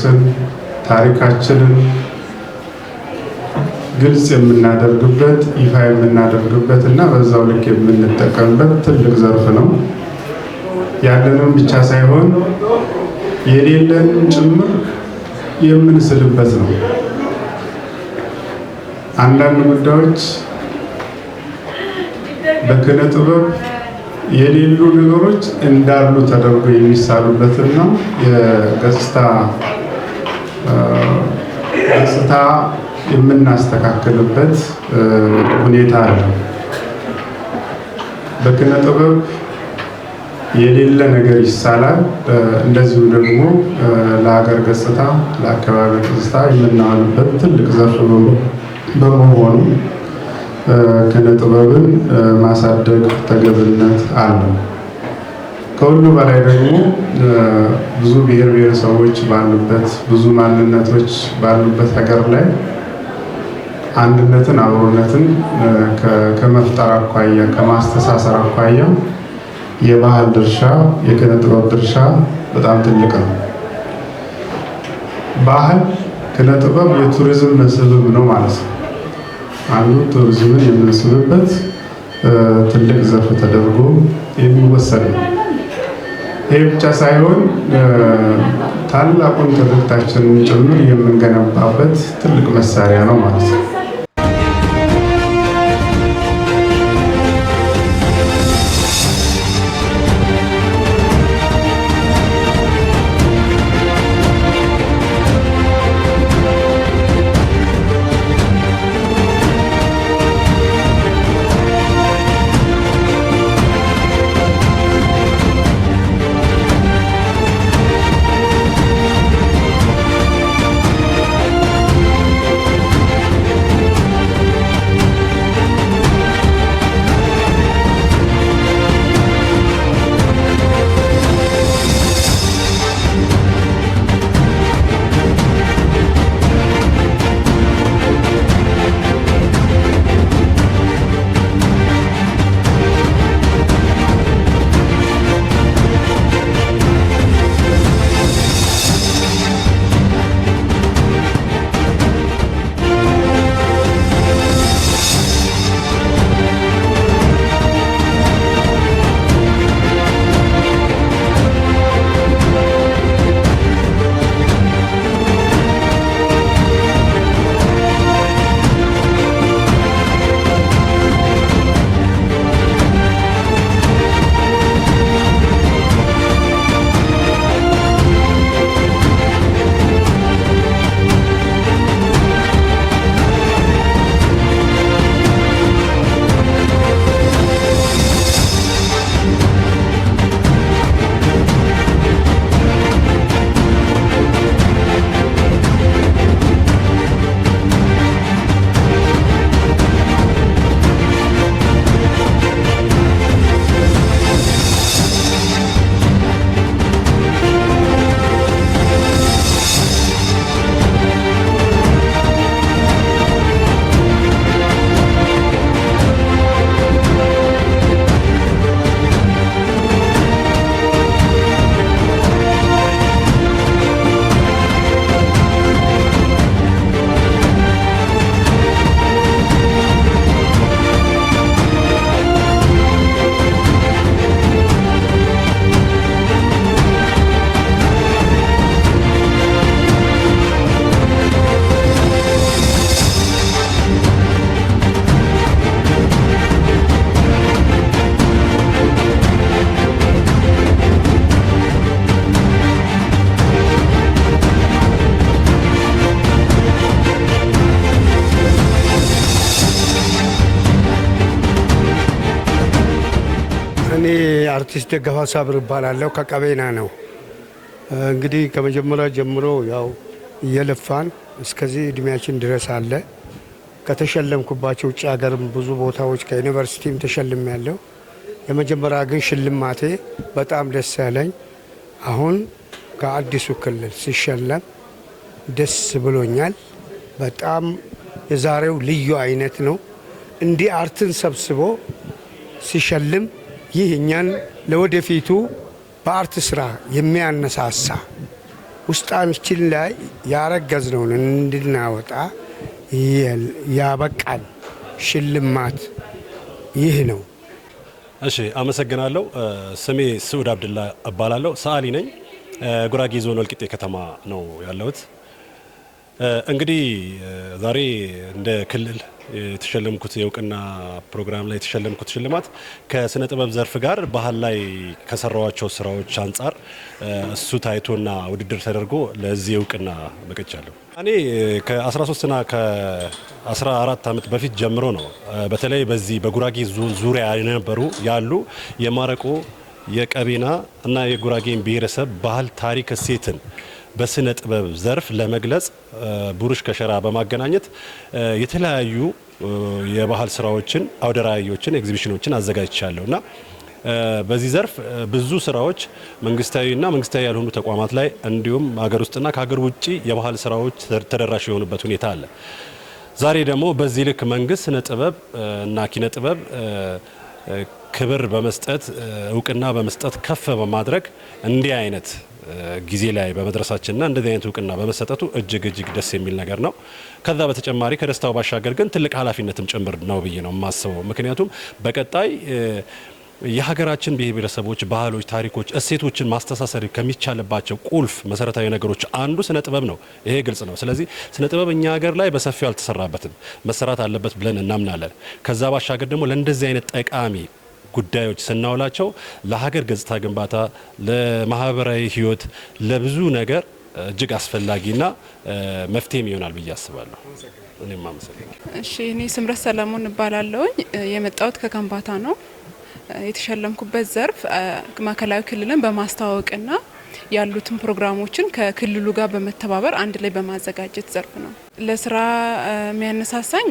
ሀገራችን ታሪካችንን ግልጽ የምናደርግበት ይፋ የምናደርግበት እና በዛው ልክ የምንጠቀምበት ትልቅ ዘርፍ ነው። ያለንም ብቻ ሳይሆን የሌለን ጭምር የምንስልበት ነው። አንዳንድ ጉዳዮች በኪነ ጥበብ የሌሉ ነገሮች እንዳሉ ተደርጎ የሚሳሉበትና የገጽታ ገጽታ የምናስተካክልበት ሁኔታ አለ። በኪነ ጥበብ የሌለ ነገር ይሳላል። እንደዚሁ ደግሞ ለሀገር ገጽታ፣ ለአካባቢ ገጽታ የምናዋልበት ትልቅ ዘርፍ በመሆኑ ኪነ ጥበብን ማሳደግ ተገብነት አለው። ከሁሉ በላይ ደግሞ ብዙ ብሔር ብሔረሰቦች ባሉበት ብዙ ማንነቶች ባሉበት ሀገር ላይ አንድነትን አብሮነትን ከመፍጠር አኳያ ከማስተሳሰር አኳያ የባህል ድርሻ የኪነ ጥበብ ድርሻ በጣም ትልቅ ነው። ባህል ኪነ ጥበብ የቱሪዝም መስህብም ነው ማለት ነው። አንዱ ቱሪዝምን የምንስብበት ትልቅ ዘርፍ ተደርጎ የሚወሰድ ነው። ይህ ብቻ ሳይሆን ታላቁን ትርክታችንን ጭምር የምንገነባበት ትልቅ መሳሪያ ነው ማለት ነው። አርቲስት ደገፋ ሳብር እባላለሁ። ከቀቤና ነው። እንግዲህ ከመጀመሪያ ጀምሮ ያው እየለፋን እስከዚህ እድሜያችን ድረስ አለ። ከተሸለምኩባቸው ውጭ ሀገርም ብዙ ቦታዎች ከዩኒቨርሲቲም ተሸልም ያለው የመጀመሪያ ግን ሽልማቴ በጣም ደስ ያለኝ አሁን ከአዲሱ ክልል ሲሸለም ደስ ብሎኛል። በጣም የዛሬው ልዩ አይነት ነው። እንዲህ አርትን ሰብስቦ ሲሸልም ይህ እኛን ለወደፊቱ በአርት ስራ የሚያነሳሳ ውስጣችን ላይ ያረገዝነውን እንድናወጣ ያበቃል ሽልማት ይህ ነው። እሺ፣ አመሰግናለሁ። ስሜ ስዑድ አብድላ እባላለሁ። ሰዓሊ ነኝ። ጉራጌ ዞን ወልቂጤ ከተማ ነው ያለሁት። እንግዲህ ዛሬ እንደ ክልል የተሸለምኩት የእውቅና ፕሮግራም ላይ የተሸለምኩት ሽልማት ከስነ ጥበብ ዘርፍ ጋር ባህል ላይ ከሰራዋቸው ስራዎች አንጻር እሱ ታይቶና ውድድር ተደርጎ ለዚህ እውቅና በቅቻለሁ። እኔ ከ13ና ከ14 ዓመት በፊት ጀምሮ ነው በተለይ በዚህ በጉራጌ ዙሪያ የነበሩ ያሉ የማረቆ የቀቤና እና የጉራጌን ብሔረሰብ ባህል ታሪክ እሴትን በስነ ጥበብ ዘርፍ ለመግለጽ ብሩሽ ከሸራ በማገናኘት የተለያዩ የባህል ስራዎችን አውደራዮችን ኤግዚቢሽኖችን አዘጋጅቻለሁ እና በዚህ ዘርፍ ብዙ ስራዎች መንግስታዊና መንግስታዊ ያልሆኑ ተቋማት ላይ እንዲሁም ሀገር ውስጥና ከሀገር ውጭ የባህል ስራዎች ተደራሽ የሆኑበት ሁኔታ አለ። ዛሬ ደግሞ በዚህ ልክ መንግስት ስነ ጥበብ እና ኪነ ጥበብ ክብር በመስጠት እውቅና በመስጠት ከፍ በማድረግ እንዲህ አይነት ጊዜ ላይ በመድረሳችንና እንደዚህ አይነት እውቅና በመሰጠቱ እጅግ እጅግ ደስ የሚል ነገር ነው። ከዛ በተጨማሪ ከደስታው ባሻገር ግን ትልቅ ኃላፊነትም ጭምር ነው ብዬ ነው የማስበው። ምክንያቱም በቀጣይ የሀገራችን ብሔር ብሔረሰቦች፣ ባህሎች፣ ታሪኮች፣ እሴቶችን ማስተሳሰር ከሚቻልባቸው ቁልፍ መሰረታዊ ነገሮች አንዱ ስነ ጥበብ ነው። ይሄ ግልጽ ነው። ስለዚህ ስነ ጥበብ እኛ ሀገር ላይ በሰፊው አልተሰራበትም፣ መሰራት አለበት ብለን እናምናለን። ከዛ ባሻገር ደግሞ ለእንደዚህ አይነት ጠቃሚ ጉዳዮች ስናውላቸው ለሀገር ገጽታ ግንባታ፣ ለማህበራዊ ህይወት፣ ለብዙ ነገር እጅግ አስፈላጊና መፍትሄም ይሆናል ብዬ አስባለሁ። እኔም አመሰግናለሁ። እሺ፣ እኔ ስምረት ሰለሞን እባላለሁኝ። የመጣሁት ከከንባታ ነው። የተሸለምኩበት ዘርፍ ማዕከላዊ ክልልን በማስተዋወቅና ያሉትን ፕሮግራሞችን ከክልሉ ጋር በመተባበር አንድ ላይ በማዘጋጀት ዘርፍ ነው። ለስራ የሚያነሳሳኝ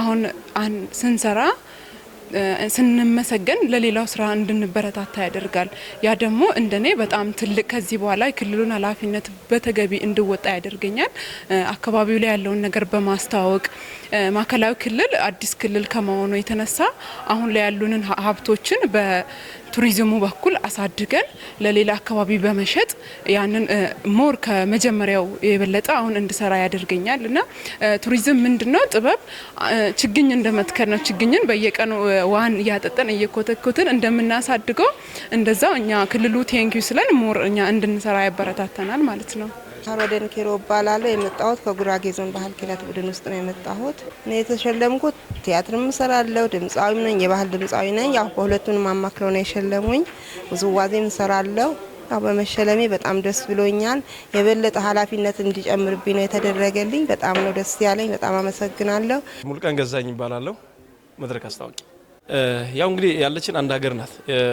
አሁን ስንሰራ ስንመሰገን ለሌላው ስራ እንድንበረታታ ያደርጋል። ያ ደግሞ እንደኔ በጣም ትልቅ ከዚህ በኋላ የክልሉን ኃላፊነት በተገቢ እንድወጣ ያደርገኛል። አካባቢው ላይ ያለውን ነገር በማስተዋወቅ ማዕከላዊ ክልል አዲስ ክልል ከመሆኑ የተነሳ አሁን ላይ ያሉንን ሀብቶችን ቱሪዝሙ በኩል አሳድገን ለሌላ አካባቢ በመሸጥ ያንን ሞር ከመጀመሪያው የበለጠ አሁን እንድሰራ ያደርገኛል እና ቱሪዝም ምንድን ነው? ጥበብ ችግኝ እንደመትከር ነው። ችግኝን በየቀኑ ዋን እያጠጠን እየኮተኮትን እንደምናሳድገው እንደዛው እኛ ክልሉ ቴንኪዩ ስለን ሞር እኛ እንድንሰራ ያበረታተናል ማለት ነው። አሮደን ኪሮ እባላለሁ። የመጣሁት ከጉራጌ ዞን ባህል ኪነት ቡድን ውስጥ ነው የመጣሁት። እኔ የተሸለምኩት ቲያትርም እሰራለሁ፣ ድምፃዊም ነኝ፣ የባህል ድምፃዊ ነኝ። ያው በሁለቱንም አማክለው ነው የሸለሙኝ። ውዝዋዜም እሰራለሁ። ያው በመሸለሜ በጣም ደስ ብሎኛል። የበለጠ ኃላፊነት እንዲጨምርብኝ ነው የተደረገልኝ። በጣም ነው ደስ ያለኝ። በጣም አመሰግናለሁ። ሙልቀን ገዛኝ ይባላለሁ። መድረክ አስታወቂ ያው እንግዲህ ያለችን አንድ ሀገር ናት።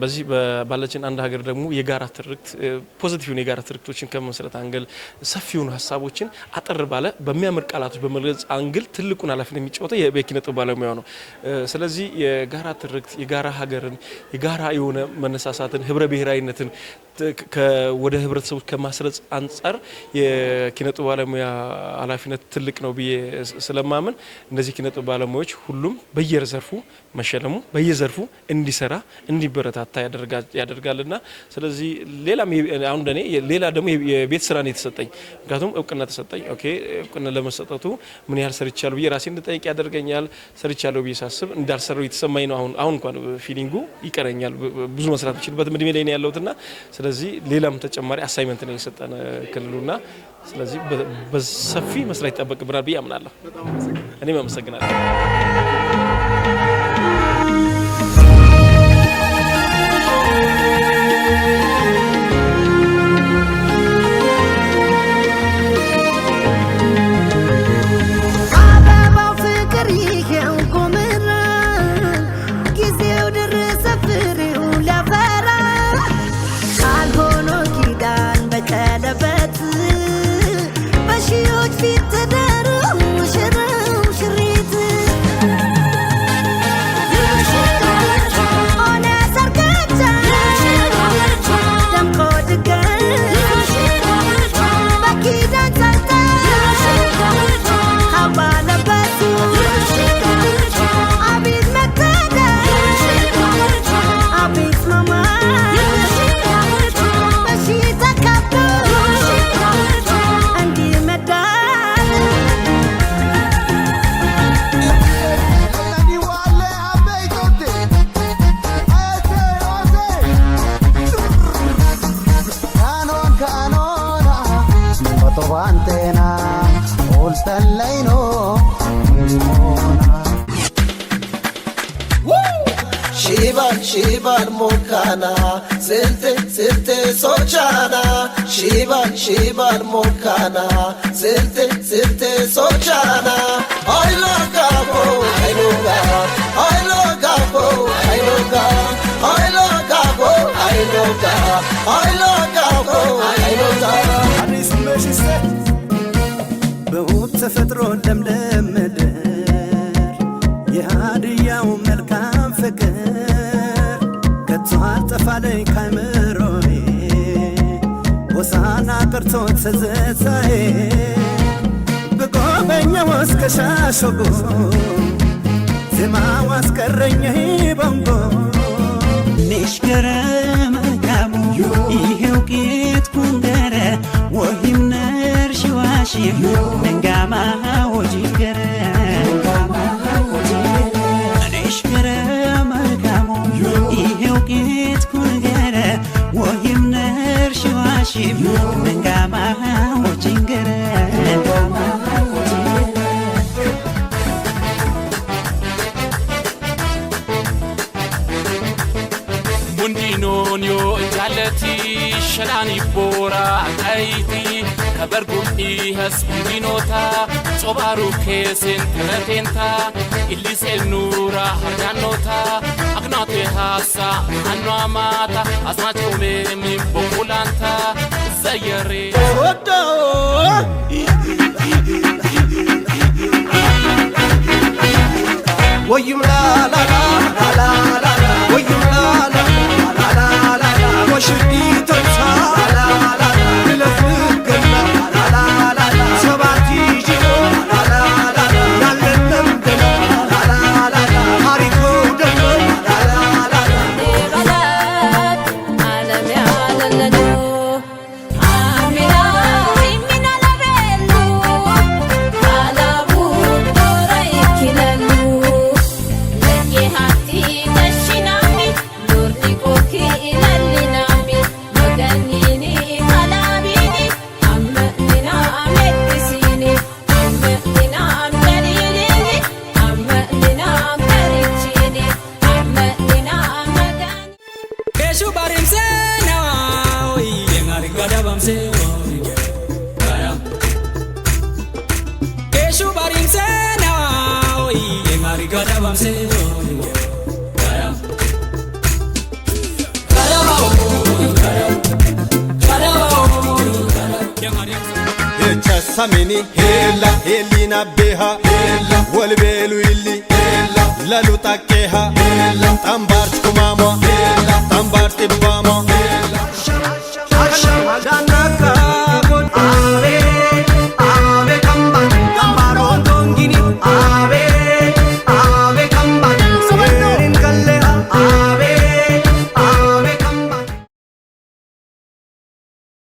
በዚህ ባለችን አንድ ሀገር ደግሞ የጋራ ትርክት ፖዚቲቭን የጋራ ትርክቶችን ከመመስረት አንግል ሰፊ ሀሳቦችን አጠር ባለ በሚያምር ቃላቶች በመግለጽ አንግል ትልቁን ኃላፊነት የሚጫወተው የኪነ ጥበብ ባለሙያ ነው። ስለዚህ የጋራ ትርክት የጋራ ሀገርን የጋራ የሆነ መነሳሳትን ህብረ ብሔራዊነትን ወደ ህብረተሰቡ ከማስረጽ አንጻር የኪነጡ ባለሙያ ኃላፊነት ትልቅ ነው ብዬ ስለማምን እነዚህ ኪነጡ ባለሙያዎች ሁሉም በየዘርፉ መሸለሙ በየዘርፉ እንዲሰራ እንዲበረታታ ያደርጋልና ስለዚህ ሌላም አሁን ሌላ ደግሞ የቤት ስራ ነው የተሰጠኝ። ምክንያቱም እውቅና ተሰጠኝ። ኦኬ እውቅና ለመሰጠቱ ምን ያህል ሰርቻለሁ ብዬ ራሴ እንድጠይቅ ያደርገኛል። ሰርቻለሁ ብዬ ሳስብ እንዳልሰራው የተሰማኝ ነው። አሁን አሁን እንኳን ፊሊንጉ ይቀረኛል። ብዙ መስራት ችልበት እድሜ ላይ ነው ያለሁትና ስለዚህ ሌላም ተጨማሪ አሳይመንት ነው የሰጠን uh, ክልሉና፣ ስለዚህ በሰፊ መስራት ይጠበቅብናል ብዬ አምናለሁ። እኔም አመሰግናለሁ። طبع انتنا قول استنينو ಶಿವನ್ ಶಿವನ್ ಮುಖನ ಸಿಲ್ತೆ ಸಿಲ್ತೆ ಸೋಚಾನ ಶಿವನ್ ಶಿವನ್ ಮುಖನ ಸಿಲ್ತೆ ಸಿಲ್ತೆ ಸೋಚಾನ ಆಯ್ಲೋ ಗಾಬೋ ಐಲೋಗ ಆಯ್ಲೋ ಗಾಬೋ ಐಲೋಗ ಆಯ್ಲೋ ಗಾಬೋ ಐಲೋಗ ಆಯ್ಲೋ ಗಾಬೋ ಐಲೋಗ ክብርሽ ይሰጥ በውብ ተፈጥሮ ለምለም ምድር የሃድያው መልካም ፍቅር ከቶ አልጠፋለኝ ካይምሮዬ ሆሳና ቀርቶ ተዘሳዬ ብጎበኛው እስከ ሻሸጎ ዜማው አስቀረኝ በንጎ باشیم نگامه وجی گره انش گره مرگمو ایهو گیت کن گره ویم نرش واشیم نگامه وجی گره بندینون یو انجالتی شنانی بورا ایتی Bargum'ii as guddinootaa Sobaaruuf keesseen kana teentaa Illisee nuuraa hargaannootaa Agnaatee haasaa naannoo amaata Asnaa coomee min bokkulaantaa Zayyaree. Wayyum laa laa laa laa. ሳሚኒ ሄላ ሄሊና ቤሃ ሄላ ወልቤሉ ይሊ ሄላ ለሉጣቄሃ ሄላ ጠምባርች ኩማሟ